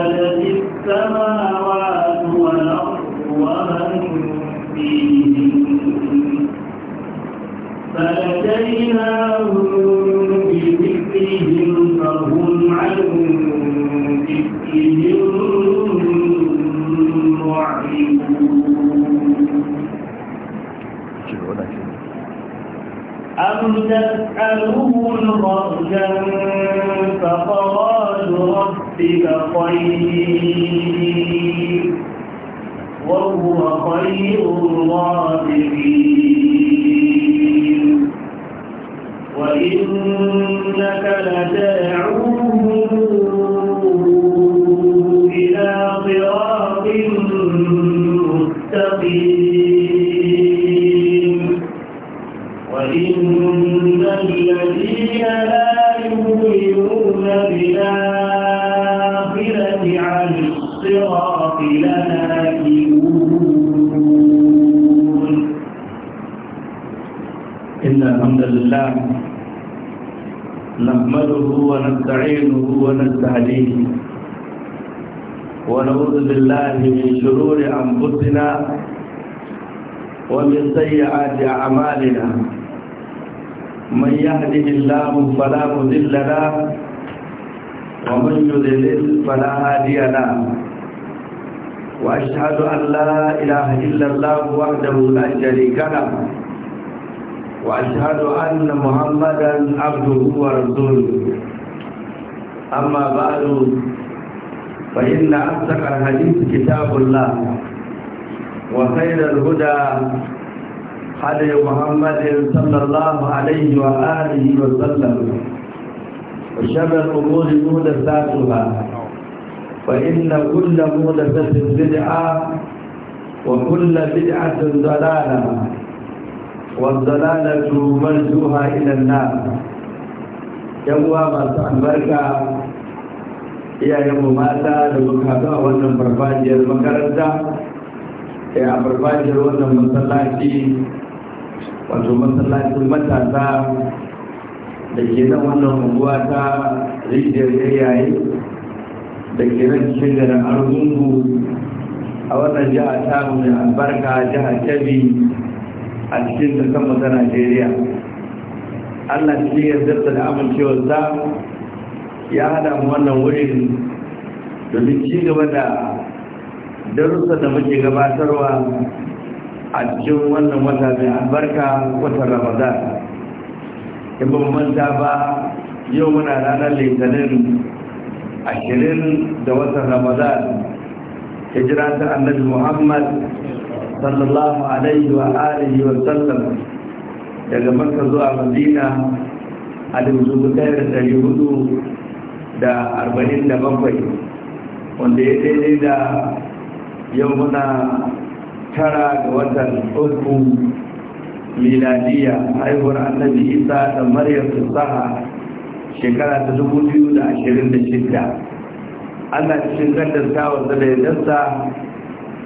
خلت السماوات والأرض ومن فيهن فأتيناهم الله وحده لا شريك له وأشهد أن محمدا عبده ورسوله أما بعد فإن أصدق الحديث كتاب الله وخير الهدى حدي محمد صلى الله عليه وآله وسلم وشر الأمور مهدساتها فإن كل مهدسة بدعة وكل بدعة ضلالة والضلالة مرجوها إلى النار يوم ما البركة يا يوم ماتا لبكاتا ونم برفاجي المكرزة يا برفاجي ونم مسلاتي wato masallacin matasa da ke nan wannan unguwa ta rijiyar yayaye da ke nan cikin garin argungu a wannan jiha ta mai albarka jihar kebbi a cikin kasanmu ta najeriya allah ya zarta da amincewarsa ya hada mu wannan wurin domin ci gaba da darussa da muke gabatarwa a cikin wannan wata mai albarka watan ramadan in ba manta ba yau muna ranar litinin ashirin da watan ramadan hijira ta annabi muhammad sallallahu alaihi wa alihi wa sallam daga makka zuwa madina a dubu da ɗari hudu da arba'in da bakwai wanda ya daidai da yau muna tara ga watan uku miladiya haihuwar annabi isa da maryam saha shekara ta dubu biyu da ashirin da shida Allah cikin gandar wanda da dasa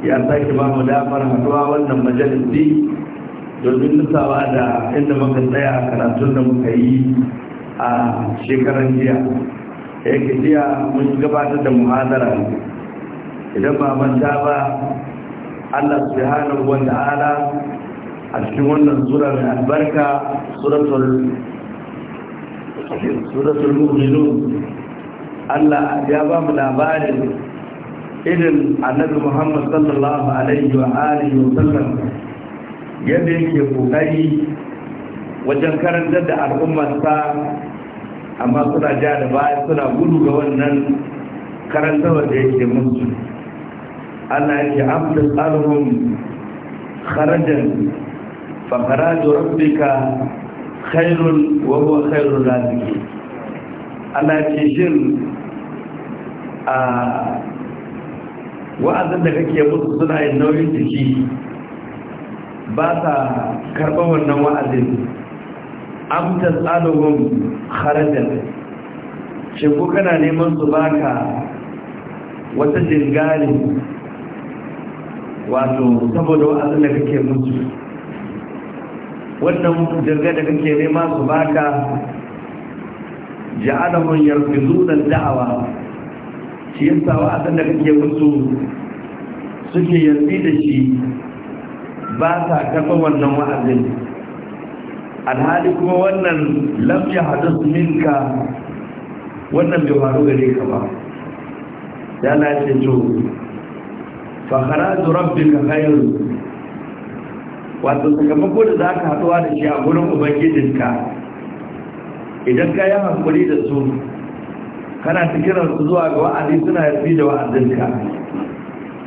ya sake ba mu damar haduwa wannan majalisi domin nutsawa da inda muka tsaya a karatun da muka yi a shekaran jiya yake jiya mun gabatar da muhadara idan ba manta ba Allah ruwan da ala a cikin wannan sura mai albarka suratul suratul mu'minun Allah ya ba mu labarin irin annabi Muhammad sallallahu alaihi wa alihi wa sallam yadda yake kokari wajen karantar da al'ummarsa amma suna ja da baya suna gudu ga wannan karantarwa da yake musu Allah yake amsa tsarin kharajan fa kharaju rabbika khairun wa huwa khairul raziqin Allah yake shin a wa'azin da kake musu suna yin nauyin jiki ba sa karɓa wannan wa'azin amtar tsalohun harajar shi ko kana neman su baka wata jingari wato saboda wa'azin da kake musu wannan jirga da kake nema su baka ja'alamun yarfi da da'awa shi a sanda kake wasu suke yanzu da shi ba sa kafa wannan wa'azin alhali kuma wannan lamya hadis minka wannan bai faru gare ka ba ya ce to fa rabbi ka hayar, wato sakamako da za ka haɗuwa da shi a gurin ubangijinka idan ka yi hankuri da su kana ta kiran su zuwa ga wa'adi suna yafi da wa'azinka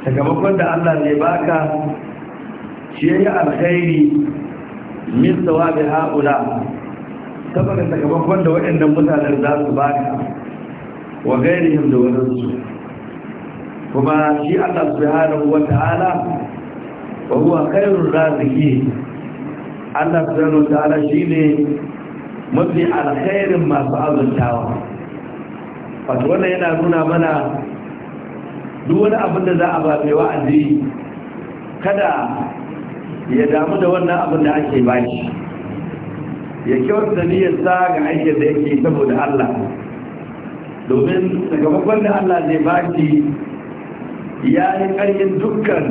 sakamakon da Allah ne baka shi ya yi alkhairi min thawabi haula saboda sakamakon da waɗannan mutanen za su baka wa gairihim da wadansu kuma shi Allah su subhanahu ala, wa huwa khairur raziqin Allah subhanahu wata'ala shine mafi alkhairin masu azuntawa wato wannan yana nuna mana duk wani abin da za a ba mai wa'azi kada ya damu da wannan abin da ake bashi ya kyauta niyyarsa ga aikin da yake saboda Allah domin daga sakamakon da Allah zai bashi ya yi ƙarfin dukkan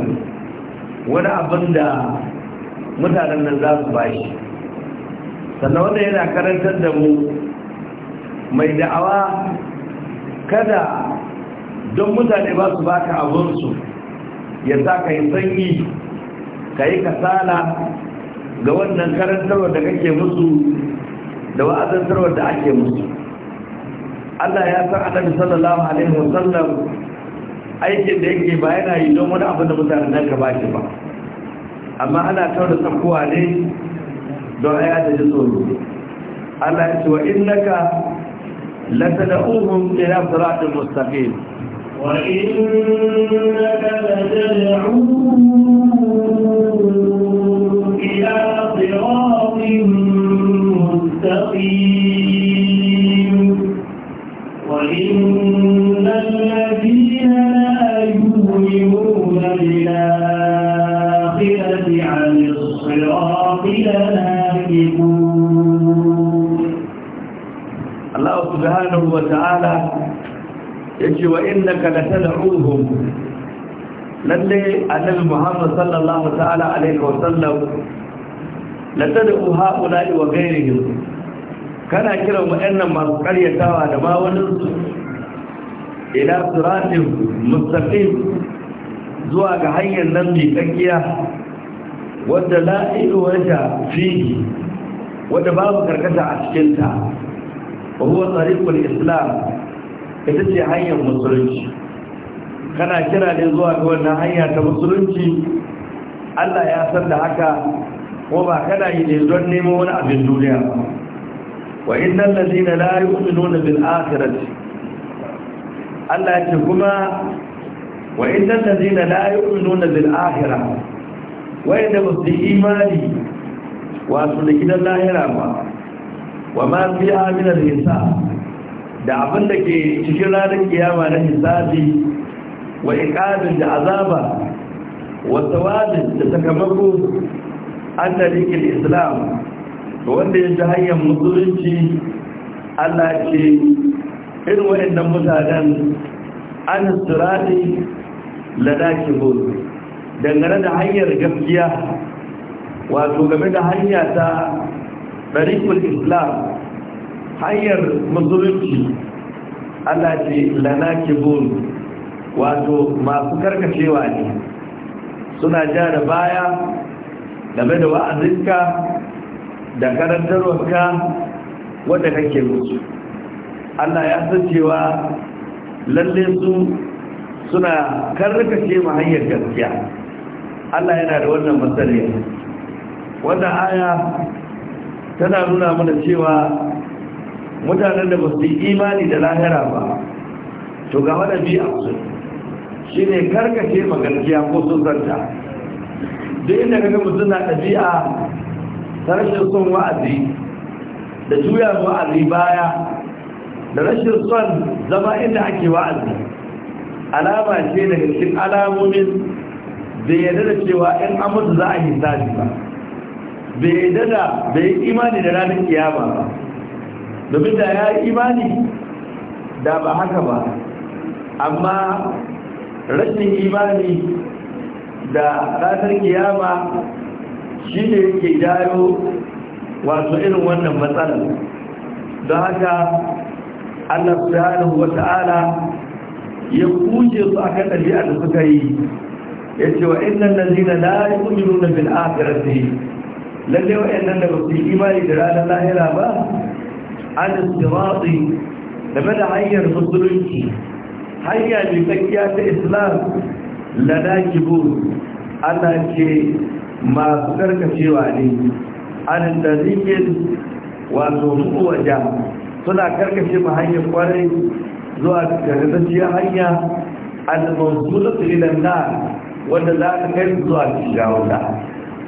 wani abin da mutanen nan za su bashi sannan wanda yana karantar da mu mai da'awa kada don mutane ba su baka abinsu ya sa ka yi sanyi ka yi kasala ga wannan karantarwar da kake musu da wa'azantarwar da ake musu Allah ya san annabi sallallahu alaihi wasallam aikin da yake ba yana yi don wani abin da mutane nan ka baki ba amma ana taura tsakuwa ne don aya da ji tsoro Allah ya ce wa innaka لتدعوهم إلى صراط مستقيم وإنك لتدعوهم إلى صراط مستقيم وإن الذين لا يؤمنون بالآخرة عن الصراط لناكبون subhanahu wa ta'ala yace wa innaka latad'uhum lalle annabi Muhammad sallallahu ta'ala alaihi wa sallam latad'u haula'i wa ghayrihim kana kira wa'annan masu karyatawa da ma wani su ila siratin mustaqim zuwa ga hanyar nan mai tsakiya wadda la'ilu wata fi wadda babu karkata a cikinta ruwa tsarikul islam ita ce hanyar musulunci kana kira ne zuwa ga wannan hanya ta musulunci allah ya san da haka ko ba kana yi ne don nemo wani abin duniya wa innan lalina la yu'minuna bil akhirati allah ya ce kuma wa innan lalina la yu'minuna bil akhirah wa inda ba su imani su da gidan lahira ba wa ma fi aminar hisab da abin da ke cikin ranar kiyama na hisabi wa iqabin da azaba wa tawabin da sakamako an tarikin islam wanda ya ji hanyar musulunci allah ce irin waɗannan mutanen an surati ladaki bol dangane da hanyar gaskiya wato game da hanya ta ɗarikul islam hanyar musulunci Allah ce lana kibul wato masu karkacewa ne suna ja da baya game da wa'azinka da karantarwarka wadda kake musu Allah ya san cewa lalle su suna karkace ma hanyar gaskiya Allah yana da wannan matsaliya wannan aya tana nuna mana cewa mutanen da basu yi imani da lahira ba to ga wani biya su shi ne karkace magarkiya ko sun zanta duk inda kaga mutum na ɗabi'a ta rashin son wa'azi da juya wa'azi baya da rashin son zama inda ake wa'azi alama ce daga cikin alamomin bai yarda da cewa in amurda za a hisabi ba bai yarda da bai imani da ranar kiyama ba domin da ya yi imani da ba haka ba amma rashin imani da ranar kiyama shi ne yake jayo wasu irin wannan matsalar don haka allah subhanahu wa ta'ala ya kuje su a kan ɗabi'a da suka yi ya ce wa na zina na yi kumiru na bil'afirarsu lalle wa'annan da ba su yi imani da ranar lahira ba an sirati game da hanyar musulunci hanya mai tsakiya ta islam lana kibu ana ce masu karkacewa ne an da zikin wato waje suna karkace ma hanyar kwarai zuwa karkatacciyar hanya al-mawzula ila an-nar wanda za ka kai zuwa shawara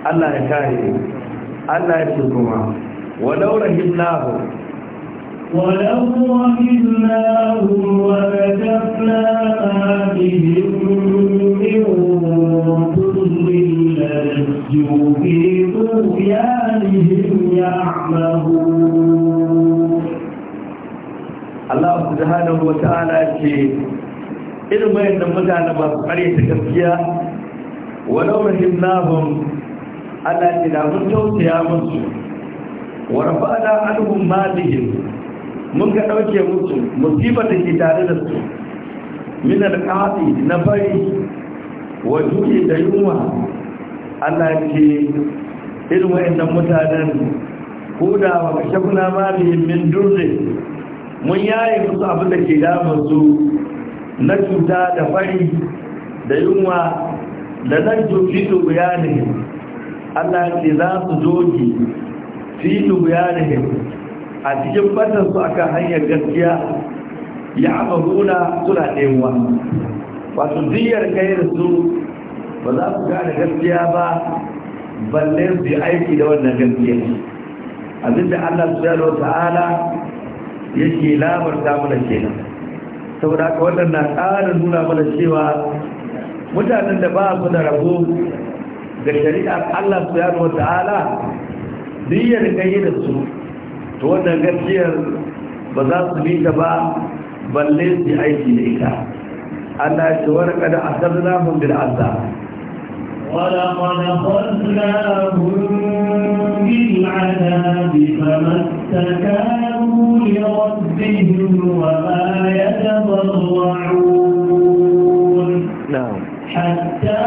Allah ya kare Allah ya kuma wa ولو رحمناهم وكشفنا irin da mutane masu ta gaskiya walau rahim nahum Allah ya da mun tausaya musu wa rafa'na da malihim mun ka ɗauke musu musibar da ke tare da su min alƙafi na bari wa duke da yunwa Allah ke irin wa'annan mutanen ko da wa kashe kuna malihim min durre mun yaye musu abin da ke damar su na cuta da fari da yunwa da nan jofi dubuya ne Allah ke za su joki fi dubuya ne a cikin su akan hanyar gaskiya ya nuna suna nemuwa wasu ziyar kai da su ba za su gane gaskiya ba balle su aiki da wannan gaskiya abinda allah subhanahu wa ta'ala ya yake lamarta mana kenan saboda haka wannan na ƙara nuna mana cewa mutanen da ba su da rabo ga shari'ar allah subhanahu wa ta'ala ziyar kai da su to wannan gaskiyar ba za su bi ta ba balle su aiki da ita Allah ya ce wa laqad asabna hum bil azab ولقد خذناهم بالعذاب فما استكانوا لربهم وما يتضرعون حتى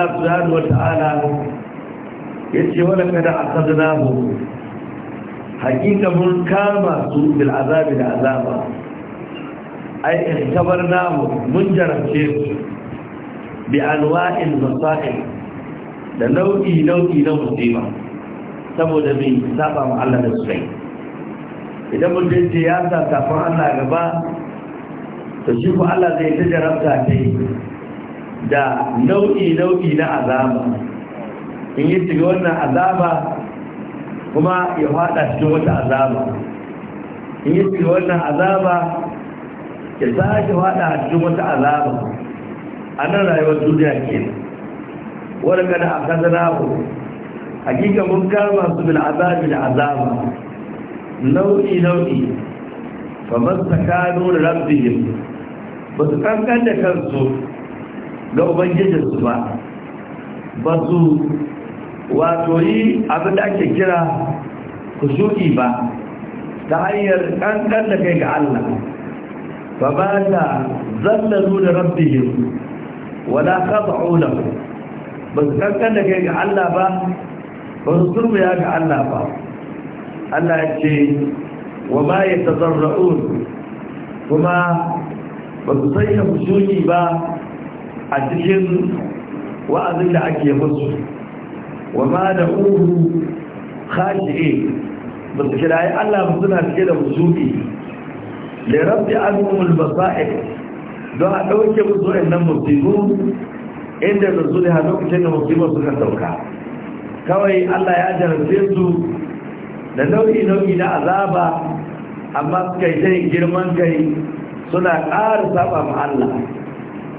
Allah subhanahu wa ta'ala yace wala kada akadnahu hakika mun kama su bil azabi da azaba ai ihtabarnahu mun jarabce su bi anwa'il masaqi da nau'i nau'i na musiba saboda mai saba ma Allah da sukai idan mutum ce ya sa tafin Allah gaba to shi ko Allah zai ta jarabta ta yi da nau'i-nau'i na azaba in yi shiga wannan azaba kuma ya fada cikin wata azaba in yi shiga wannan azaba ya sake fada cikin wata azaba a nan rayuwar duniya ke wadda kada a kasana ku hakika mun kama su bin azabi da azaba nau'i-nau'i ba masu tsakanin rabbihim ba su kankan da kansu ga ubangijinsu ba ba su wato yi abin da ake kira kusuki ba ta hanyar ƙanƙan da kai ga Allah ba ba ta zallalu da rabbihim wala khad'u lahu ba su ƙanƙan da kai ga Allah ba ba su turbiya ga Allah ba Allah ya ce wa ma yatazarra'un kuma ba su sanya kusuki ba a cikin wa'azin da ake musu wa ma da uhu khashi'e ba su Allah ba suna cike da musuki da rabbi azumul basa'i don a ɗauke musu wa'annan musibu inda da su da lokacin da musibar suka sauka kawai Allah ya jarabce su da nau'i-nau'i na azaba amma suka yi girman kai suna ƙara saba ma Allah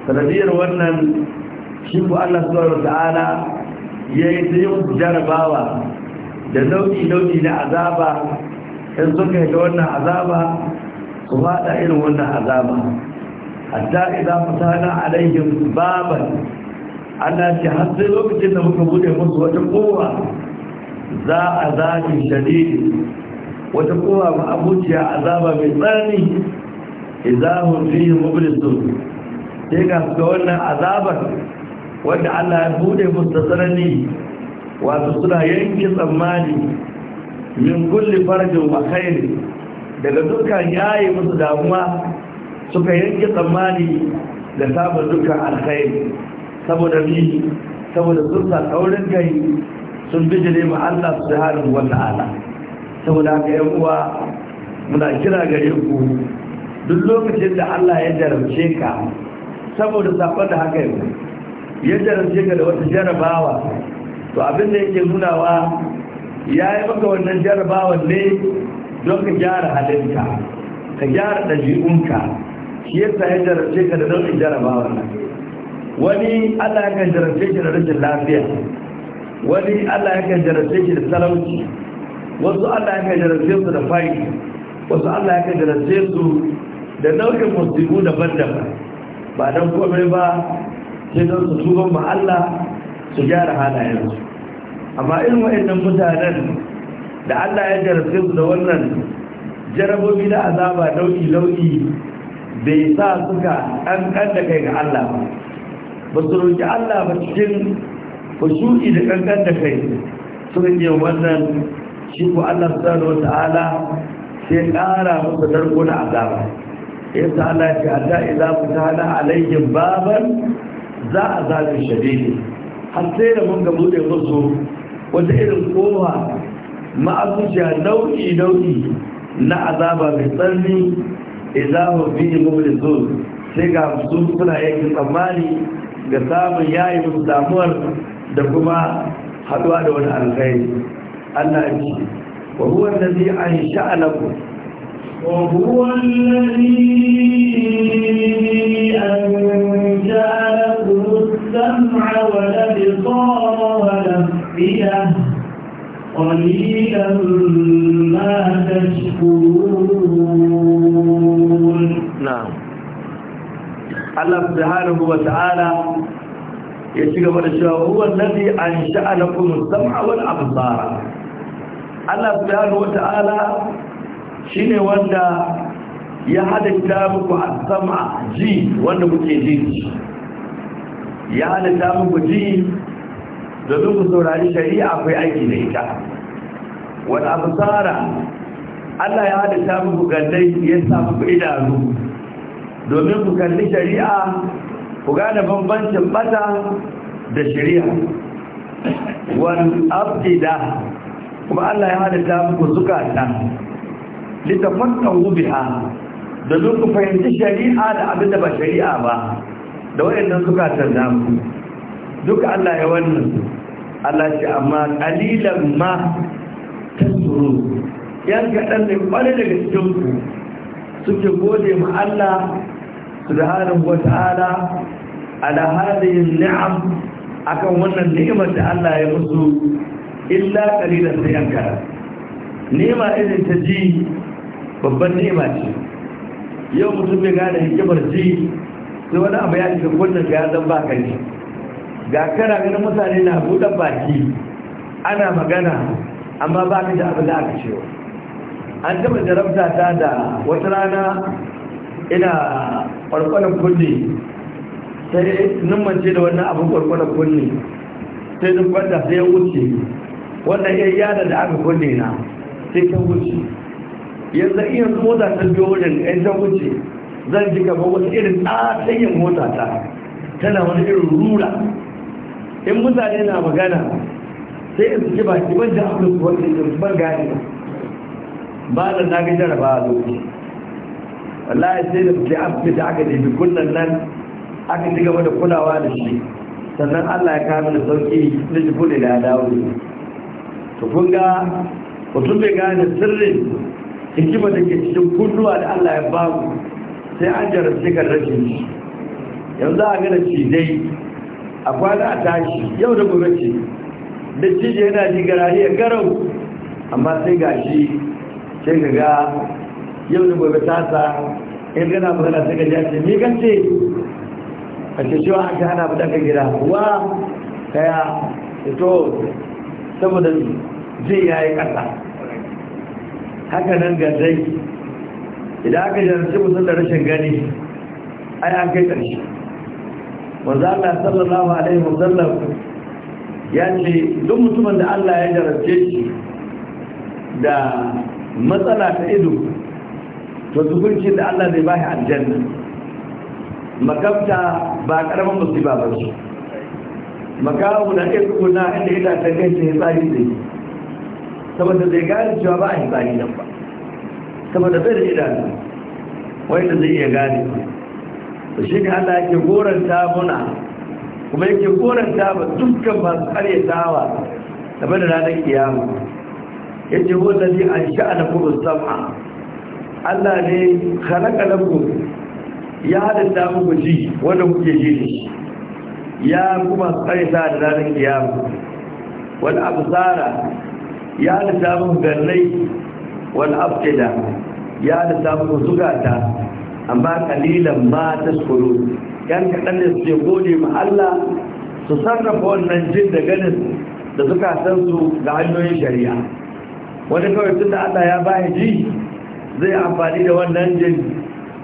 sanadiyar wannan shi ku Allah subhanahu ta'ala, ya yi ta yin jarabawa da nau'i-nau'i na azaba in suka yi ga wannan azaba su fada irin wannan azaba hatta idan fasana alaihim baban Allah ce har sai lokacin da muka bude musu wata kowa za a zaɓi shadidi wata kowa ma abuciya azaba mai tsanani idahun fiye mublisun sai ga su ga wannan azabar wanda Allah ya bude musu tsanani wato suna yanke tsammani min kulli farjin wa khairi daga dukkan yayi musu damuwa suka yanke tsammani da sabon dukkan alkhairi saboda ni saboda sun sa kaurin kai sun bijire ma Allah subhanahu ta'ala saboda ga yan uwa muna kira gare ku duk lokacin da Allah ya jarabce ka saboda safar da haka yau yadda da ka da wata jarabawa to abin da yake nunawa ya yi maka wannan jarabawa ne don ka gyara halinka ka gyara ɗabi'unka shi yasa ya jarabce ka da nau'in jarabawa nan wani allah yakan jarabce shi da rashin lafiya wani allah yakan jarabce shi da talauci wasu allah yakan jarabce su da fari wasu allah yakan jarabce su da nau'in musulmi daban-daban ba don komai ba sai don su tuban ma Allah su gyara su amma irin wa'annan mutanen da Allah ya jarabce su da wannan jarabobi na azaba dauki dauki bai sa suka ƙanƙan da kai ga Allah ba ba su roƙi Allah ba cikin kusuri da kankan da kai suka yi wannan shi ku Allah subhanahu wa ta'ala sai ƙara musu darko na azaba yasa Allah ya ce hatta idza fatahna baban za a zalim shadidi har sai da mun ga bude musu wata irin kowa ma'azuciya nau'i nau'i na azaba mai tsanni idza hum fihi mubrizun sai ga su suna yankin tsammani ga samun yayi musu damuwar da kuma haduwa da wani alkhairi Allah ya ce wa huwa allazi ansha'alakum وهو الذي أنجى لكم السمع والأبصار والأفئدة قليلا ما تشكرون نعم الله سبحانه وتعالى ya ci gaba da cewa huwan nabi an sha'alakum sam'a wal absara Allah subhanahu wata'ala Shi ne wanda ya halitta muku sama ji wanda muke ji ya halitta muku ji domin ku saurari shari'a akwai aiki da ita wani abu tsara allah ya halitta muku gandai ya samu ku idanu domin ku kalli shari'a ku gane bambancin bata da shari'a wani abdida kuma allah ya halitta muku zukata litafattahu biha da ku fahimci shari'a da abin da ba shari'a ba da wayannan suka tanda mu duka Allah ya wannan Allah ce amma qalilan ma tasuru yan dan ne kwale daga cikin ku suke gode ma Allah subhanahu ta'ala ala hadhihi ni'am akan wannan ni'imar da Allah ya musu illa qalilan sai Nema irin ta ji babban nema ce yau mutum ya gane hikimar ji sai wani abu ya shiga kunnan ga zan ba ka ne ga kara ganin mutane na buɗan baki ana magana amma ba ka da abin da aka cewa an taɓa jarabta ta da wata rana ina ƙwarƙwarar kunne sai nummance da wannan abin ƙwarƙwarar kunne sai duk wanda sai ya wuce wannan yayyada da aka kunne na sai ta wuce yanzu iya mota ta biyo wajen ɗan ta wuce zan ji kama wata irin tsatayin mota ta tana wani irin rura in mutane na magana sai in suke ba ban da abin su wani irin ban gani ba da na ga jaraba a lokaci wallahi sai da suke da aka ɗebi kunnan nan aka ci gaba da kulawa da shi sannan allah ya kawo da sauƙi na shi kuɗi da ya dawo to kun ga mutum bai gane sirrin hikima da ke cikin kunnuwa da Allah ya ba mu sai an jarabci kan rashin shi yanzu a gana cidai a kwana a tashi yau da gobe ce da cije yana ji garari a garau amma sai ga shi sai ga ga yau da gobe ta tasa in gana magana sai ga jace ni kan ce a ce shi wa aka hana ba daga gida wa kaya ito saboda zai yayi kasa haka nan gazai idan aka jarci mutum da rashin gani ai an kai ƙarshe wanzu allah sallallahu alaihi wasallam ya ce duk mutumin da allah ya jarabce shi da matsala ta ido to zukunci da allah zai bashi aljanna makamta ba karamin musiba ba ce makamu na iya tukuna inda ita ta kai ta yi tsari zai saboda zai gane cewa ba a hitsari nan ba saboda bai da idanu wanda zai iya gane ba shi ne Allah yake goranta muna kuma yake goranta ba dukkan masu tawa game da ranar kiyama yace wanda zai an na kuma sam'a Allah ne khalaqa lakum ya ta muku ji wanda kuke ji shi ya kuma karyata da ranar kiyama abu tsara. ya lissafin gallai wani afkida ya lissafin zugata amma kalilan ma ta skuru yan kaɗan da suke gode ma Allah su sarrafa wannan jin da ganin da suka san su ga hanyoyin shari'a wani kawai tun da Allah ya ba ji zai amfani da wannan jin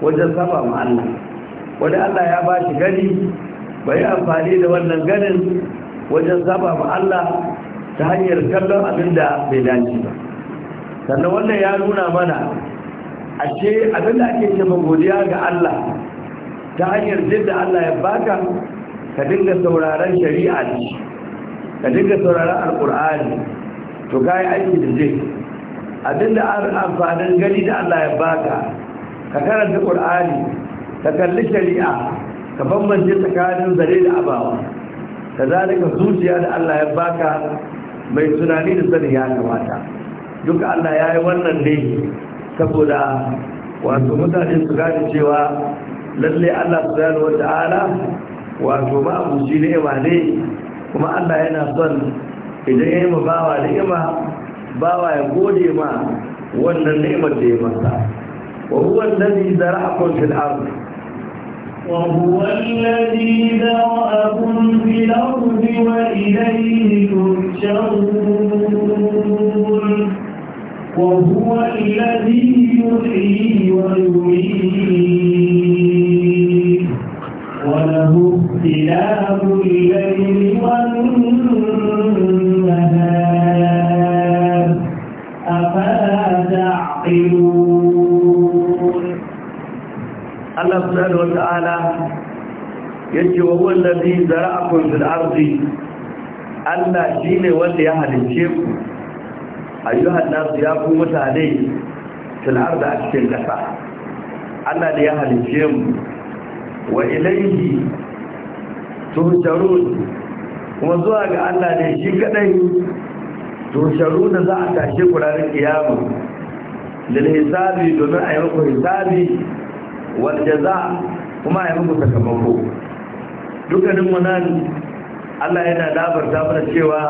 wajen saba ma Allah wani Allah ya ba shi gani bai amfani da wannan ganin wajen saba ma Allah ta hanyar kallon abin da bai dace ba sannan wannan ya nuna mana ce abin da ake ce godiya ga Allah ta hanyar jidda Allah ya baka ka dinga sauraron shari'a ne ka dinga sauraron alkur'ani to yi aiki da zai abinda amfanin gani da Allah ya baka ka karanta ƙur'ani ka kalli shari'a ka bambance tsakanin zare da abawa zalika zuciya da Allah ya baka mai tunani da sani ya kamata duk Allah ya yi wannan ne saboda wato mutane su gani cewa lalle Allah wata ala wato ba abuci ni'ima ne kuma Allah yana son idan ya yi ma bawa ni'ima bawa ya gode ma wannan ni'imar da ya masa wa huwa allazi وهو الذي ذرأكم في الأرض وإليه تحشرون وهو الذي يحيي ويميت yace wa huwa allazi zara'akum fil ardi Allah shine wanda ya halice ku ayyuhan nas ya ku mutane fil ardi a cikin kasa Allah ne ya halice mu wa ilayhi tuhsharun kuma zuwa ga Allah ne shi kadai da za a tashe ku ranar kiyama lil hisabi domin a yi muku hisabi wal jaza kuma a yi muku sakamako dukkanin mu Allah yana dabar dabar cewa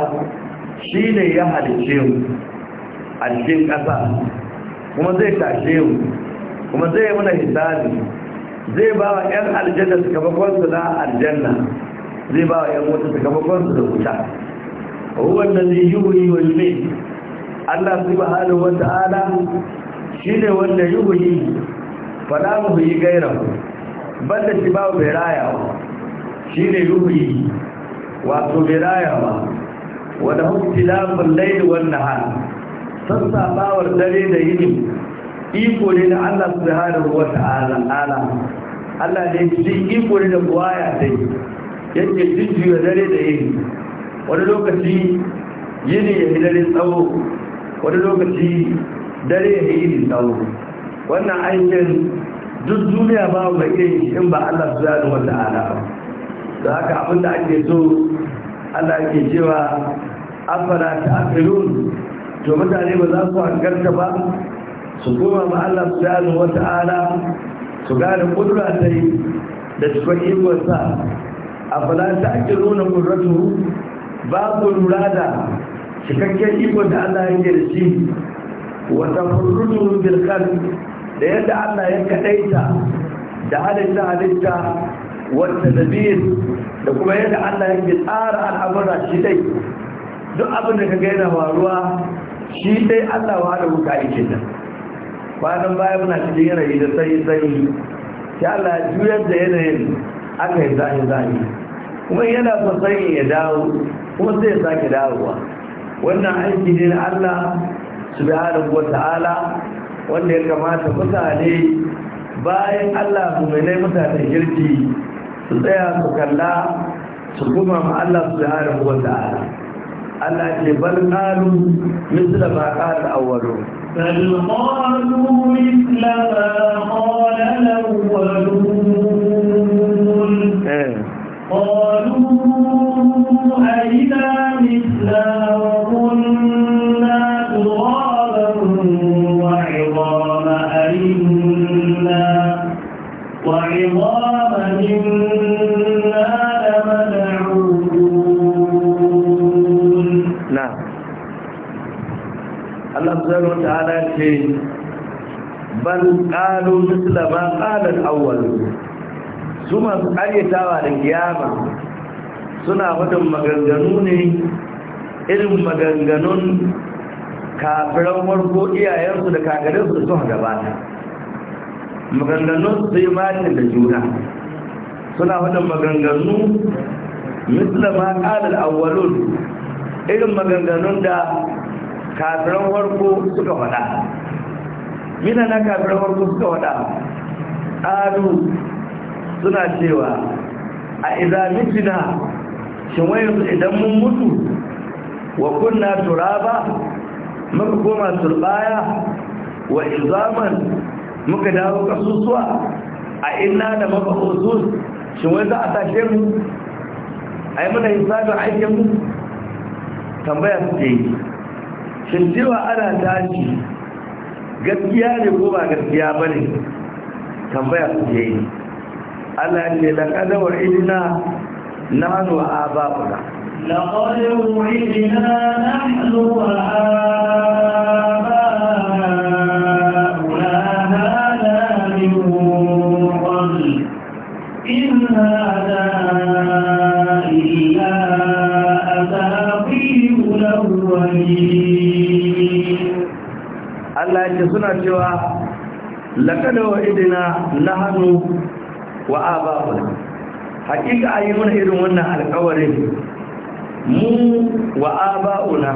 shi ne ya halice mu a cikin ƙasa kuma zai tashe mu kuma zai yi mana hisabi zai ba wa 'yan aljanna sakamakonsu na aljanna zai ba wa 'yan wuta sakamakonsu da wuta da zai yi wuyi wa yi Allah su ba hali wata ala shi ne wanda yi wuri fada mu yi gairan banda shi ba bai rayawa shi ne ruhi wato biraya ba wadda hukutilafin laili wannan hannu sassafawar dare da yini iko ne na allah su hada wata ala allah ne shi iko ne da buwaya dai yake da dare da yini wani lokaci yini ya yi dare tsawo wani lokaci dare ya yi yini tsawo wannan aikin duk duniya ba mai iya in ba allah su hada wata ala ba da haka abin da ake so Allah ke cewa afara ta afirun to mutane ba za su hankarta ba su koma ma Allah su zuwa ta'ala su gane kudura ta yi da cikon ikonsa afara ta ake nuna kuduratu ba ku lura da cikakken ikon da Allah ya ke da shi wata furutu bilkan da yadda Allah ya kaɗaita da halitta halitta wanda zabir da kuma yadda Allah yake tsara al'amura shi dai duk abin da ka yana faruwa shi dai Allah wa da wuka yake nan kwanan baya muna cikin yanayi da sai sai shi Allah ya da yanayin aka yi zai zai kuma yana son sai ya dawo kuma sai ya sake dawowa wannan aiki ne na Allah subhanahu wa ta'ala wanda ya kamata mutane bayan Allah mu mai mutane girki su tsaya su kalla su kuma ma Allah su da harin wata ala Allah ke ce bal qalu misla ma qala awwalu bal qalu misla ma qala awwalu bal qalu mithla ma qala al-awwal su masu da kiyama suna faɗin maganganu ne irin maganganun kafiran warko iyayensu da kagarinsu da suka gabata maganganun su yi matin da juna suna faɗin maganganu misla ma ƙalar awwalun irin maganganun da kafiran warko suka wada mina na kafirar farko suka wada ƙalu suna cewa a izamitina shin wayansu idan mun mutu wa kunna turaba muka koma turbaya wa izaman muka dawo kasusuwa a ina da maka usus shi wai za a tashe mu a yi mana hisabin aikin mu tambaya su ke yi shi cewa ana tashi gaskiya ne ko ba gaskiya ba ne tambaya su ke yi Allah ce da kadawar ilina na hannu a ba kuna. لقد وعدنا نحن وآباؤنا suna cewa laƙada wa idina na hannu wa ababuna haƙiƙa a yi mana irin wannan alƙawarin mu wa aba'una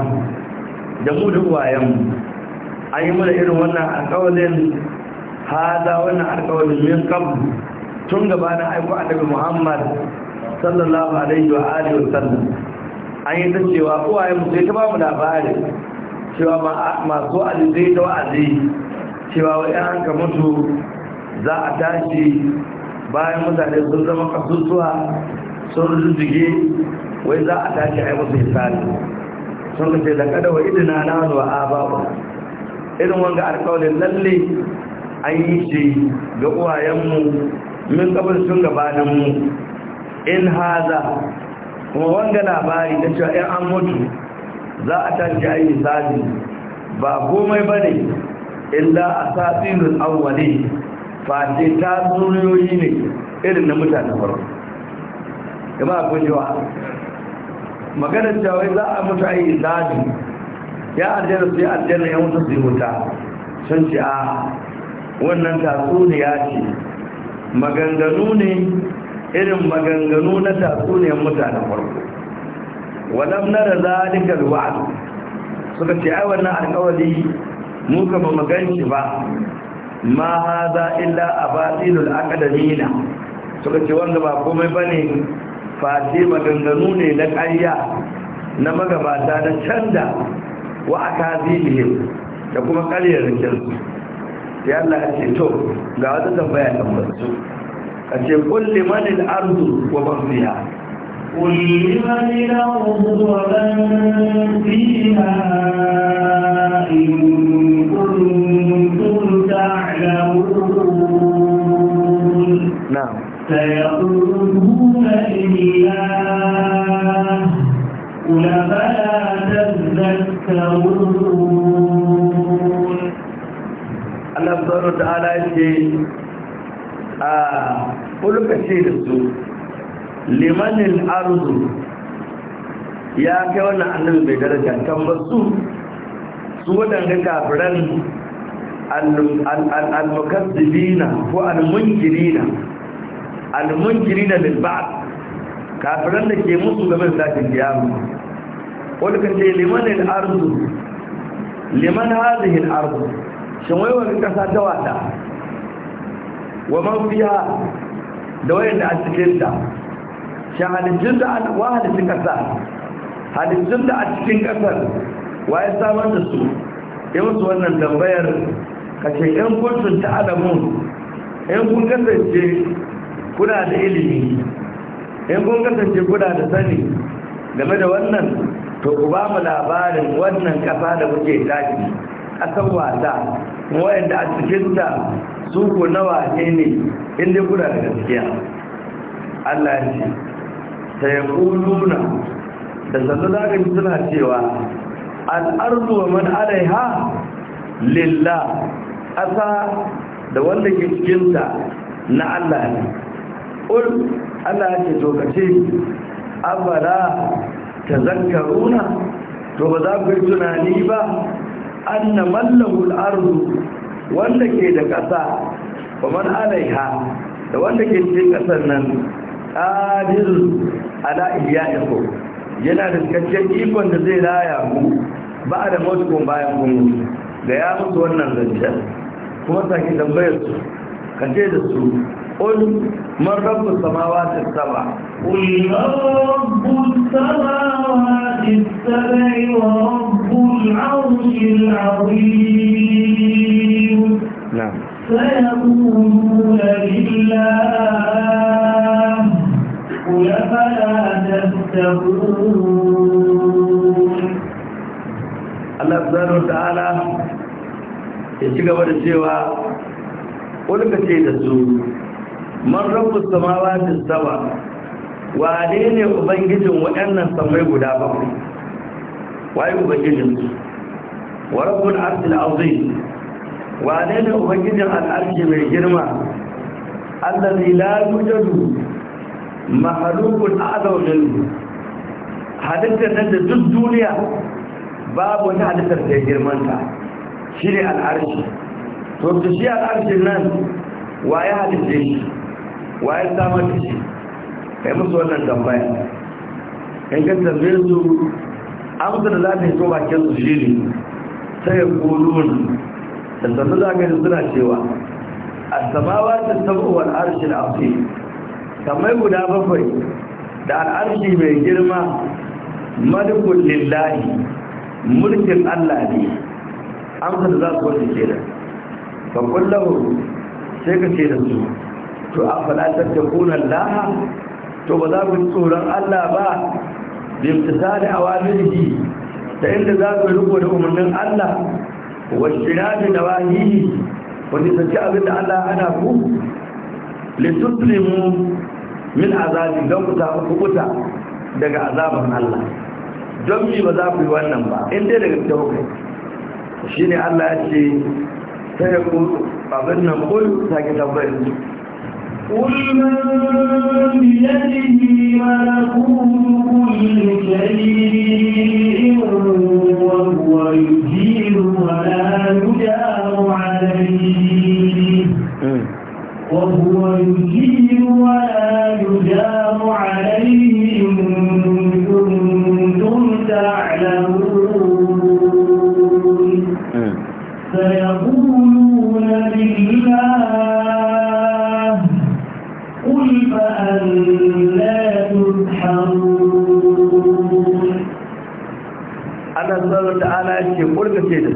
da mu da uwayenmu a yi mana irin wannan alƙawarin haza wannan alƙawarin min kabu tun gaba na aiko a daga muhammad sallallahu alaihi wa alihi wa sallam an yi ta cewa uwayenmu sai ta ba mu labari cewa masu alizai da wa'azi cewa wa yan ka mutu za a tashi bayan mutane sun zama kasusuwa sun rujjige wai za a tashi a yi musu hisali sun ka ce da kada wa idina na wani wa ba. irin wanga alkawalin lalle an yi shi ga uwayenmu min kabar sun gabaninmu in haza kuma wanga labari ta cewa ‘yan an mutu za a tashi a yi hisali ba komai ba ne illa asatirul awwali fa ce ta zuriyoyi ne irin na mutane farko kuma ko jiwa maganar cewa za a mutu a yi izabi ya aljanna sai aljanna ya mutu su yi wuta sun ce a wannan tatsuniya ce maganganu ne irin maganganu na tatsuniyar mutanen farko da za a dinka wa'ad suka ce ai wannan alkawali muka ba mu ganshi ba ma haza illa abatilul akadamina suka ce wanda ba komai bane face maganganu ne na ƙarya na magabata na canda wa akadimihim da kuma ƙaryar rikin ya Allah ce to ga wata tambaya kan basu a ce kulli manil ardu wa man fiha كل من الأرض ومن فيها إن كنتم تعلمون نعم سيقولون لله قل تذكرون الله سبحانه وتعالى يقول آه، قل كثير السوء limanin arzu ya kai wannan annabi bai daraja tambasu su waɗanda kafiran al mukaddibina ko al-munkirina al-munkirina lil ba'd kafiran da ke musu gaban zakin kiyama wanda kace liman al arzu, liman hadhihi al ardh shin wai wani kasa ta wata wa man fiha da wayanda a cikin ta shi halittun da an wa halittun ƙasa halittun da a cikin ƙasar wa ya samar da su ya musu wannan tambayar ce yan kuntun ta adamu yan kun kasance kuna da ilimi yan kun kasance kuna da sani game da wannan to ku ba mu labarin wannan ƙasa da kuke tashi ƙasar wasa da a cikinta su ku nawa ne ne inda kuna da gaskiya Allah ya ce ta yaquluna da sannu za ka suna cewa al'arzu wa man alaiha lilla, ƙasa da wanda ke cikinta na Allah ne ƙul Allah ya ce tokace abara ta zankaruna to ba za ku yi tunani ba an na mallahul arzu wanda ke da ƙasa wa man alaiha da wanda ke cikin ƙasar nan qadirun ala ihya'ikum yana da cikakken ikon da zai raya ku ba da mutukun bayan kun ga ya mutu wannan zancen kuma sake tambayar su ka da su قل من رب السماوات السبع قل رب السماوات السبع ورب العرش العظيم نعم سيقولون لله العفو فلا تستبون الله سبحانه وتعالى يشيك بعد الشيوى قل كتير السوء من رب السماوات السبع wane ne ubangijin waɗannan samai guda ba waye ubangijin su wa rabbul arshil azim wane ne ubangijin al'arshi mai girma allazi mahalukun azau minhu halittar nan da duk duniya babu wata halittar da girman girmanta shi ne al'arshi to da shi al'arshin nan waye halitta shi waye samar da shi kai musu wannan tambaya in ka tambaye su amsa da za ta yi to bakin su shi ne sai ya kulun da sannu za ka yi suna cewa a samawa ta sabuwar arshin afi kamar guda bakwai da al'arshi mai girma malikun lillahi mulkin Allah ne amsa da za su wata ke da babban lahuru sai ka ce da su to a falatar da kunan laha to ba za ku tsoron Allah ba bimtisa da awamirihi ta inda za ku riko da umarnin Allah rafi da nawahihi wani sanci abin da Allah ana ku mu. min azabi don ku ku kubuta daga azaban Allah don mi ba za ku yi wannan ba in dai daga ta hukai shi ne Allah ya ce ta yi ku abin nan kul ta ki tabbayin قل من بيده ملكوت كل شيء وهو يجير ولا يجار عليه وهو يجير ولا يجار عليه إن كنتم تعلمون فيقولون لله قل فأنا تسحرون الله سبحانه وتعالى يقول كثير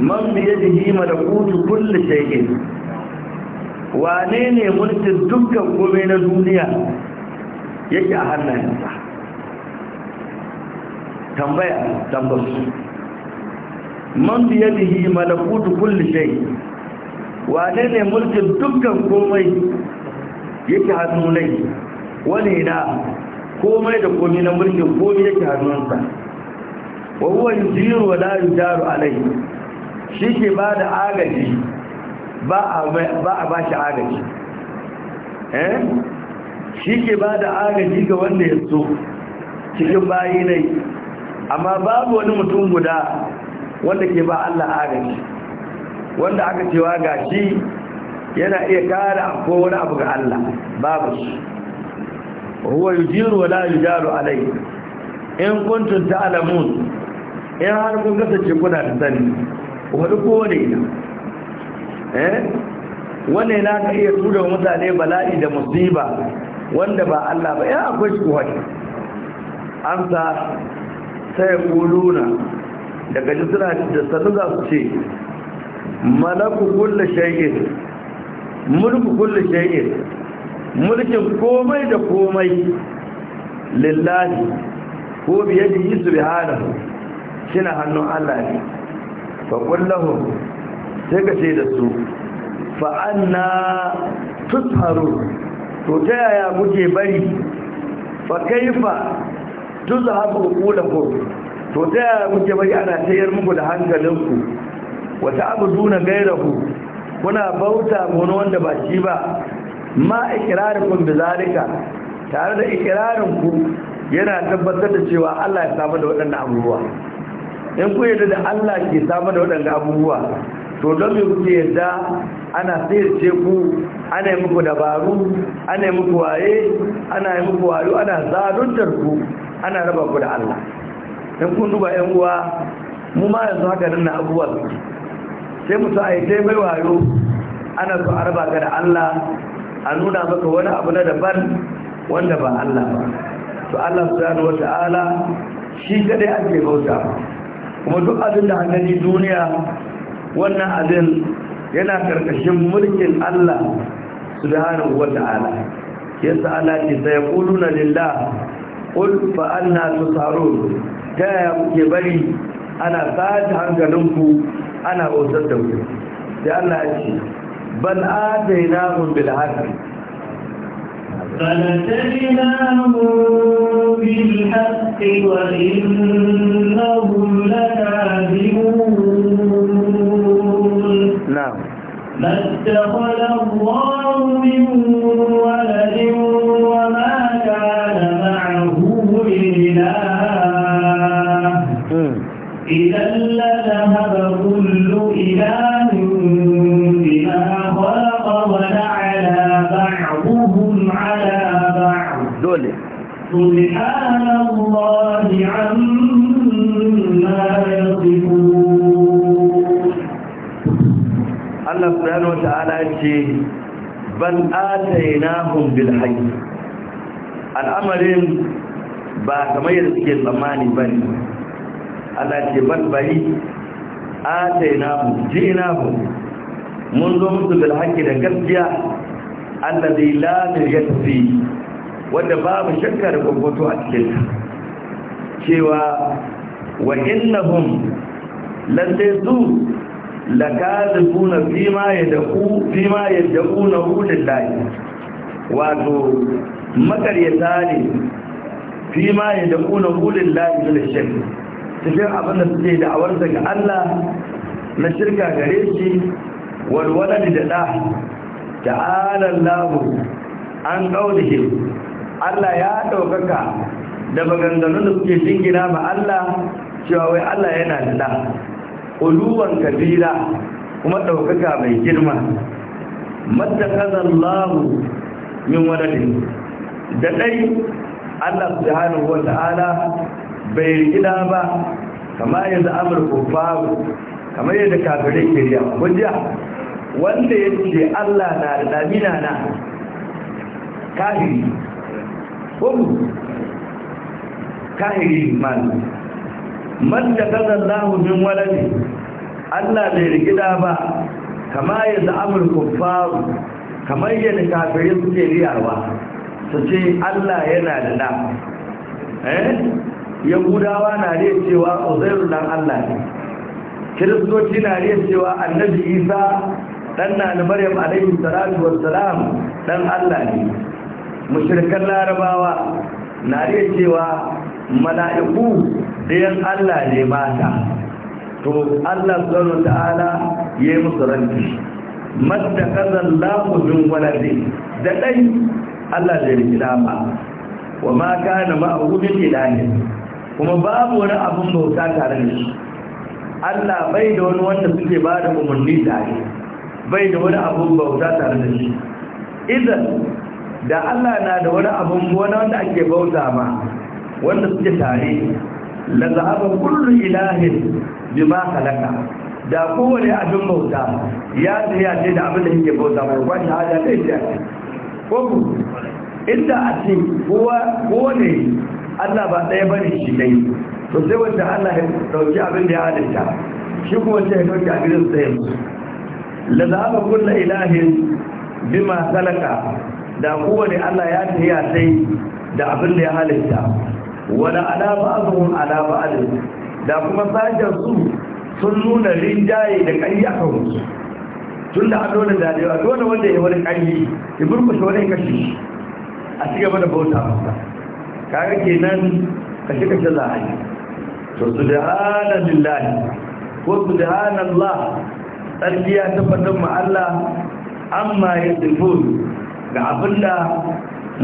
من بيده ملكوت كل شيء wane ne mulkin dukkan kome na duniya yake a hannayensa tambaya tambasu man biya dihi malakutu kulli shay wane ne mulkin dukkan komai yake hannunai? nai wane na komai da komai na mulkin komai yake hannunsa wa huwa yuziru wa la yujaru alai shi ke ba da agaji ba a ba shi agaji eh shi ke ba da agaji ga wanda ya so cikin bayi ne amma babu wani mutum guda wanda ke ba Allah agaji wanda aka cewa ga shi yana iya kara ko wani abu ga Allah babu shi huwa yujiru wala yujaru alai in kuntum ta'lamun in har kun ce kuna da sani wani kowane ina Eh? wanne na ka iya tura mutane bala'i da musiba wanda ba Allah ba ya akwai shi kuwa amsa sai kuluna daga jisira da sanu za su ce malaku kulle shayin mulku kulle shayin mulkin komai da komai lillahi ko biyar da yi su bihara shi na hannun Allah ne ba kullahu sai ka da su fa'an na tusharu to ta yaya kuke bari fa kaifa da ku? to ta yaya kuke bari ana tayar muku da hankalinku wa ta'buduna gairahu kuna bauta gono wanda ba shi ba ma da zarika? tare da ikirarinku yana tabbatar da cewa Allah ya samu da waɗannan abubuwa in ku yadda da Allah ke samu da waɗannan abubuwa to don mai kuke yadda ana sayarce ku ana yi muku dabaru ana yi muku waye ana yi muku wayo ana zaluntar ku ana raba ku da Allah in kun duba yan uwa mu ma yanzu haka nan na abubuwa sai mu sa ai mai wayo ana so a raba ka da Allah a nuna maka wani abu na daban wanda ba Allah ba to Allah subhanahu wata'ala shi kadai ake bauta kuma duk abin da hannani duniya wannan abin yana karkashin mulkin Allah subhanahu wata'ala yasa Allah ce sai na lillah qul fa anna tusarun ta ya kuke bari ana hankalin hankalinku ana bautar da ku sai Allah ya ce bal bil فلتجناه بالحق وإنهم لكاذبون نعم ما اتخذ الله من ولد وما كان معه إله إذا لذهب كل إله سبحان الله عما يصفون الله سبحانه وتعالى يقول بل آتيناهم بالحي ba kamar yadda suke tsammani ba ne Allah ce ban bari atainahu jinahu mun zo musu bil da gaskiya allazi la yatafi wanda babu shakka da kwakwato a cikin cewa wa innahum lalle su kuna fima yad'u fima yad'una layi. wato makaryata ne fima yad'una lillahi min shirk cikin abin da suke da'awar daga Allah na shirka gare shi walwala da da ta'ala Allah an qawlihi Allah ya ɗaukaka da maganganun da suke jingina ba Allah cewa wai Allah yana da ƙuluwan kabila kabira kuma ɗaukaka mai girma lahu min waladin da ɗai Allah su hannun wata ala bai gida ba kama yadda amurka Faru. kamar yadda kafirai ke riya hujja wanda ya ce Allah na da damina na kafiri kullu kahiri man man da kaza Allahu min Allah bai rigida ba kama ya za'amul kuffar kamar yadda kafirai suke riyawa su ce Allah yana da da eh gudawa na riya cewa ozairu dan Allah ne kiristoci na riya cewa annabi isa dan na maryam alaihi salatu salam, dan Allah ne mushrikan larabawa na iya cewa mala'iku ɗayan Allah ne mata to Allah subhanahu ta'ala ya yi musu ranci madda kazan lahudin walade da ɗai Allah da riki dama wa ma kana ma'ahudin ilahin kuma babu wani abin bauta tare da shi Allah bai da wani wanda suke ba da umarni tare bai da wani abin bauta tare da shi idan da Allah na da wani abin gona wanda ake bauta ma wanda suke tare la za'aba kullu ilahin bima khalaqa da kowane abin bauta ya tsaya ce da abin da yake bauta mai wani hada zai ce ko ku inda a ce kowane Allah ba ɗaya ba ne shi ne, to sai wanda Allah ya dauki abin da ya halitta shi kuma wanda ya dauki abin da ya halitta la za'aba kullu ilahin bima khalaqa da kowane Allah ya tafiya sai da abin da ya halitta wala ala ba'dhum ala ba'd da kuma sajar su sun nuna rinjaye da ƙarfi a kan su tun da an dole da dalewa dole wanda ya wani ƙarfi ya burkushe wani kashi a ci gaba da bauta masa kaga kenan kashi kashi za a yi to subhana lillahi ko su da subhana Allah tsarki ya tabbatar ma Allah amma ya tsifo ga abinda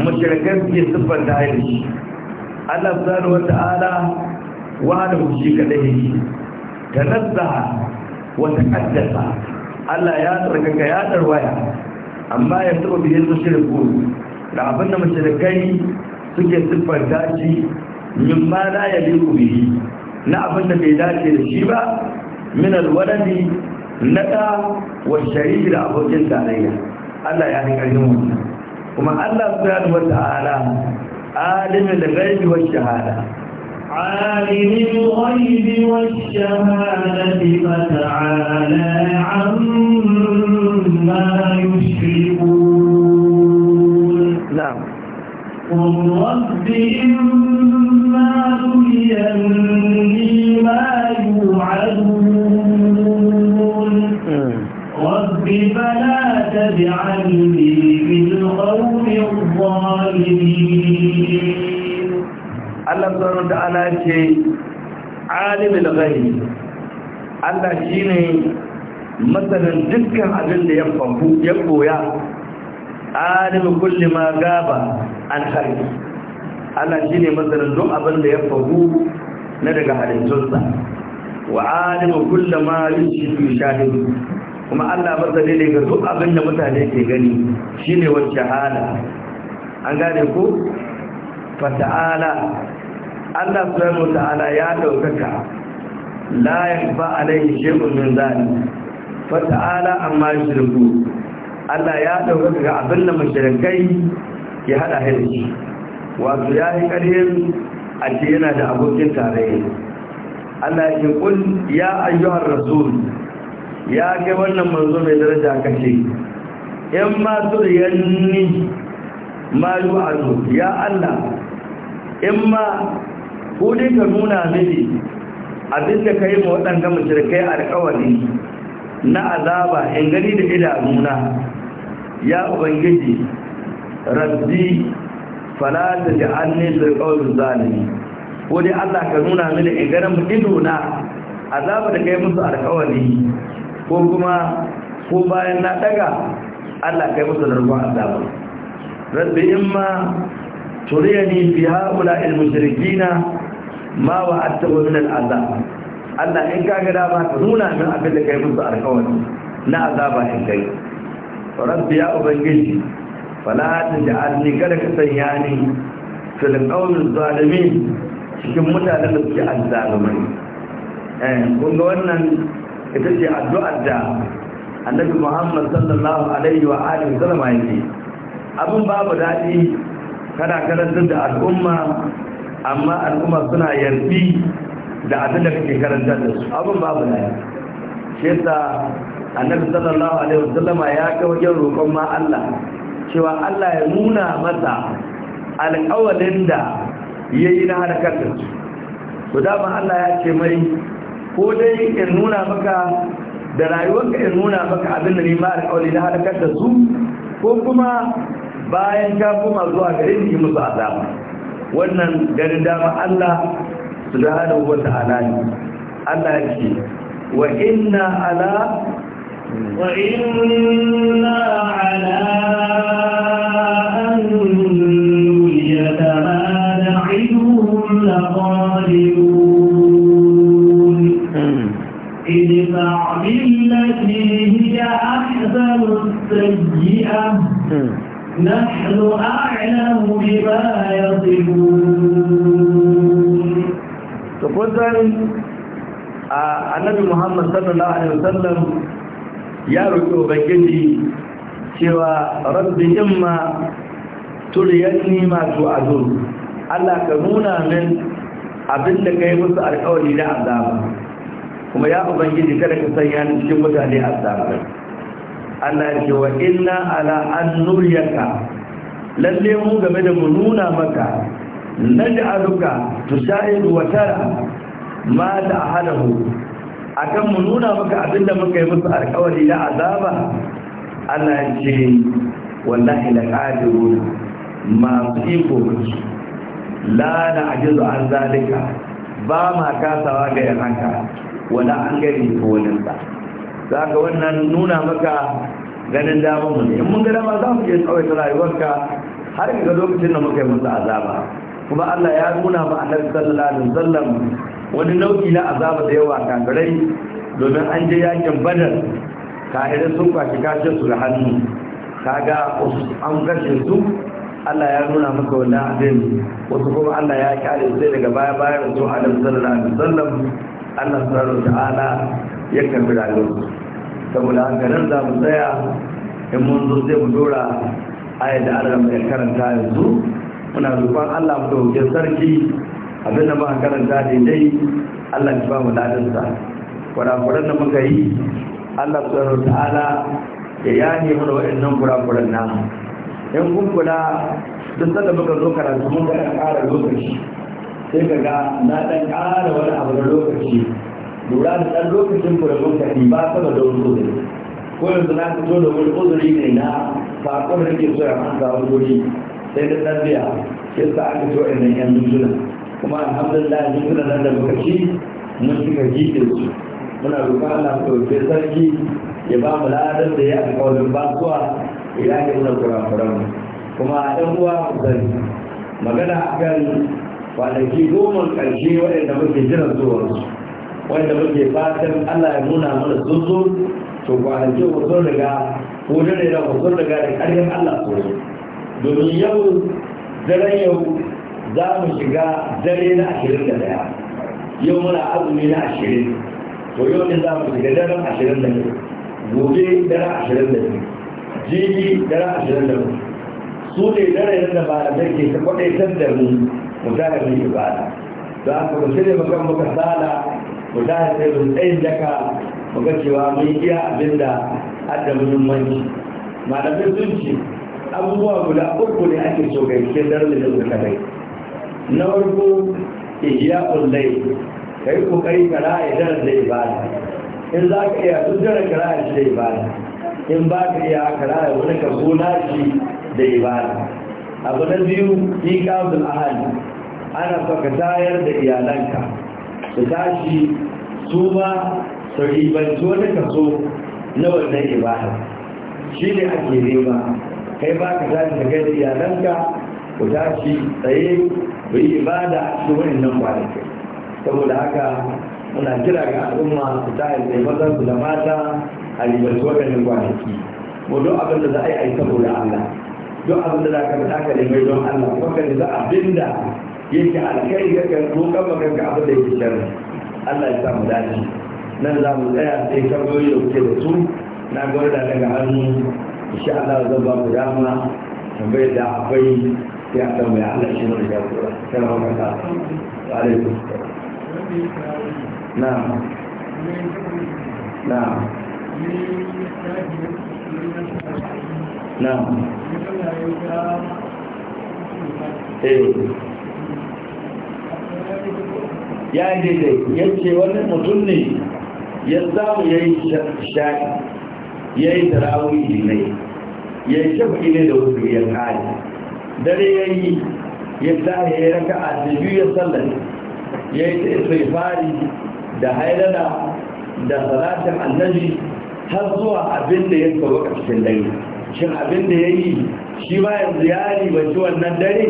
mushrikai suke siffar da shi Allah sani wa ta'ala wahada shi kadai yake tanazzaha wa taqaddasa Allah ya tsarkaka ya waya, amma ya taba biyan mushrikun da abinda mushrikai suke siffar da shi min ma la yaliqu bihi na abinda bai dace da shi ba min na ɗa wa shari'i da abokin tarayya ألا يعلمون وما الله سبحانه وتعالى عالم الغيب والشهادة عالم الغيب والشهادة فتعالى عما يشركون نعم قل رب إما تريني ما يوعدون رب فلا تجعلني في القوم الظالمين الله سبحانه وتعالى شيء Allah shi ne masanin dukkan abin da ya koya alimin kulli ma gaba an harki Allah shi ne masanin duk abin da ya faru na daga halittunsa wa alimin kulli ma yi shi shahidu kuma Allah masani ne ga duk abin da mutane ke gani shine wacce hala an gane ku? fata'ala Allah subhanahu ta'ala ya daukaka la yakfa alaihi shay'un min zalik fata'ala amma shirku Allah ya daukaka ga abin da mushrikai ke hada hadisi wato yi ƙarfin a ce yana da abokin tarayya Allah ya kul ya ayyuhar rasul ya ke wannan manzo mai daraja kace in ma yanni ma yu'adu ya Allah in ma ko dai ka nuna mini abinda ka yi mu waɗanda kai alƙawari na azaba in gani da idanuna ya ubangiji rabbi fala da an ne da kawai zalimi ko dai allah ka nuna mini in gani idona azaba da kai musu alƙawari. ko kuma ko bayan na daga Allah kai musu dargon azaba rabbi imma turiyani fi haula al mushrikina ma wa'adtahu min al azab Allah in ka ga dama ka nuna min abin da kai musu alƙawari na azaba in kai rabbi ya ubangiji fala taj'alni kada ka sanya ni fil qawmi zalimin cikin mutanen da suke azzalumai eh kun ga wannan ita ce addu'ar da annabi muhammad sallallahu alaihi wa alihi ya yake abin babu daɗi kana karantar da al'umma amma al'umma suna yarfi da abin da kake karantar da su abin babu daɗi shi yasa annabi sallallahu alaihi wa Salama ya ga wajen roƙon ma Allah cewa Allah ya nuna masa alƙawalin da yayi na harkar da su to dama Allah ya ce mai ko dai in nuna maka da rayuwarka in nuna maka abin da nima alƙawari na halakar da su ko kuma bayan ka koma zuwa gare ni yi musu azaba wannan ganin dama Allah subhanahu wa ta'ala ne Allah ya ce wa inna ala wa inna ala an yatama da'iduhum laqadirun التي هي أحسن السيئة نحن أعلم بما يصفون تقول annabi muhammad sallallahu alaihi wasallam ya roƙi ubangiji cewa rabbi imma turiyanni masu tu'adun Allah ka nuna min abinda kai musu alƙawari da azaba kuma ya ubangiji kada ka sanya ni cikin mutane a samu Allah ce wa inna ala an nuryaka lalle mu game da mu nuna maka naj'aluka tusayid wa tara ma da halahu akan mu nuna maka abinda muka yi musu alƙawari na azaba Allah ce wallahi la qadiru ma tsiku la na ajizu an zalika ba ma kasawa ga yanka wani ɓangare ko wani sa za ka wannan nuna maka ganin damar mu in mun gada ma za mu iya tsawaita rayuwarka har ga lokacin da muka yi musu azaba kuma Allah ya nuna ma annabi sallallahu alaihi wasallam wani nau'i na azaba da yawa kafirai domin an je yakin badar idan sun kwashi kashin su da hannu kaga an kashe su Allah ya nuna maka wannan abin wasu kuma Allah ya kare su daga baya bayan su Adam sallallahu alaihi wasallam Allah subhanahu ta'ala ya karbi rayuwar saboda haka nan za mu tsaya in mun zo zai mu dora ayat da Allah mai karanta yanzu muna roƙon Allah mu dauke sarki abinda muka karanta daidai Allah ya ba mu ladansa kurakuran da muka yi Allah subhanahu ta'ala ya yani mana waɗannan kurakuran na in kun kula duk sanda muka zo karatu mun ga ƙara lokaci sai ka ga na ɗan ƙara wani abu na lokaci lura da ɗan lokacin kurabun ka ba sama da wani uzuri ko yanzu na fito da wani uzuri ne na saƙon da ke so ya an wuri sai da ɗan biya ke sa aka to irin yan dutuna kuma alhamdulillah suna nan da muka ci mun cika jikin su muna roƙon Allah ko ke sarki ya ba mu ladar da ya alƙawarin basuwa ya yi mana kuma ɗan uwa zai magana akan kwanaki goma ƙarshe waɗanda muke jiran zuwarsu wanda muke fatan Allah ya nuna mana zuzu to kwanaki ba sun riga ko dare da ba sun riga da ƙarfin Allah so domin yau daren yau za mu shiga dare na ashirin da ɗaya yau muna azumi na ashirin to yau ne za mu shiga daren ashirin da biyu gobe daren ashirin da biyu jibi daren ashirin da biyu su ne daren da ba da ke ta kwaɗaitar da mu mutane yi ibada da aka ba shirya magan muka sala mutane sai mun tsayin daka muka cewa mun iya abin da adda muhimmanci malamin sun ce abubuwa guda uku ne ake so ga ke darle da suka kai na farko ihya kullai kai kokari ka ra'ayi daren da ibada in za ka iya duk daren ka ra'ayi da ibada in ba ka iya ka ra'ayi wani ka gona shi da ibada abu na biyu ni ikamul ahali ana so ka tayar da iyalanka su tashi su ba su ribanci wani kaso na wannan ibada shi ne ake nema kai ba ka tashi da kai iyalanka ku tashi tsaye ku yi ibada su wani nan kwanakin saboda haka muna kira ga al'umma su tayar da mazan su da mata a ribanci waɗannan kwanaki mu duk abin da za a yi a yi saboda Allah duk abin da za ka fita ka mai don Allah kuma ka za a da yake alkai ga kan zo kan maka da yake Allah ya samu dace nan za mu tsaya sai tambayoyi da kuke da su na gwada daga hannu insha Allah zan ba mu dama tambayar da akwai sai a tambaya Allah shi ne da ya kura kana maka ta alaikum na na na eh ya daidai ce wani mutum ne ya samu ya yi shafi ya yi tarawih ne ya yi shafi ne da wasu ya kare dare ya yi ya tahi ya raka a biyu ya sallar ya yi ta fari da hailada da salatin annabi har zuwa abin da ya a cikin dare shin abin da ya yi shi ma ziyari ya ribaci wannan dare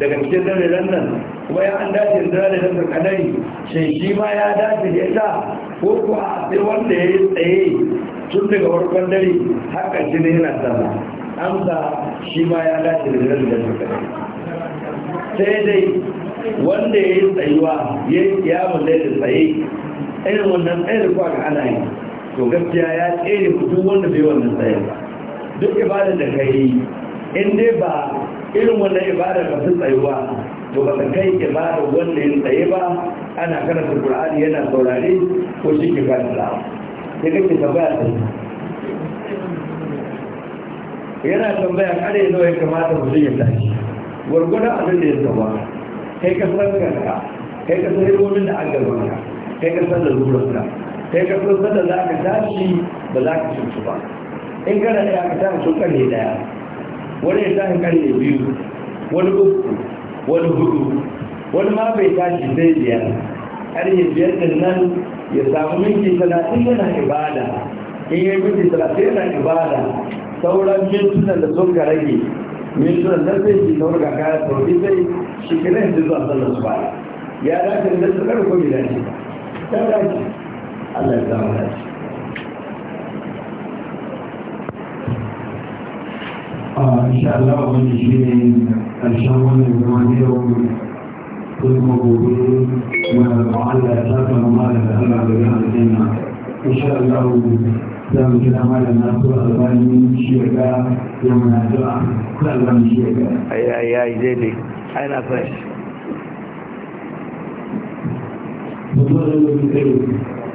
daga cikin dare nan Kuma ya an dace da da da kadari sai shi ma ya dace da ita ko kuwa sai wanda ya yi tsaye tun daga farkon dare har ƙarshe ne yana sallah amsa shi ma ya dace da da da kadari sai dai wanda ya yi tsayuwa ya yi kiyamun da ya tsaye irin wannan tsayar kwa ga ana yi to gaskiya ya tsere duk wanda bai wannan tsayar ba duk ibadar da ka yi in dai ba irin wannan ibadar ka su tsayuwa to ba ka kai ki ba da ya tsaye ba ana karanta qur'ani yana saurare ko shi ki da sai kake tambaya ta yana tambaya kare zo ya kamata mu ya tashi gurgurdan abin da ya zama kai ka san kanka kai ka san ilmomin da an gaban ka kai ka san da ka kai ka san sanda za ka tashi ba za ka cutu ba in kana da ya ka tashi sun karne daya wani ya tashi karne biyu wani uku wani hudu wani ma bai tashi zai biyar har yi biyar din nan ya samu minti talatin yana ibada in yi minti talatin yana ibada sauran mintunan da sun rage mintunan da zai ji na wurga kayan sauri zai shi yanzu zuwa sallar su ya dace da su karko bai dace ta dace Allah ya samu dace إن شاء الله wani shi ne ƙarshen wannan zama ne yau kuma gobe wani ma'ala ya saka ma'ala da Allah da ya aljanna in sha Allah za mu kira mala na su albani shi ya ga ya muna zuwa ko albani shi ya ga ai ai ai daidai ai na fresh mutum da yau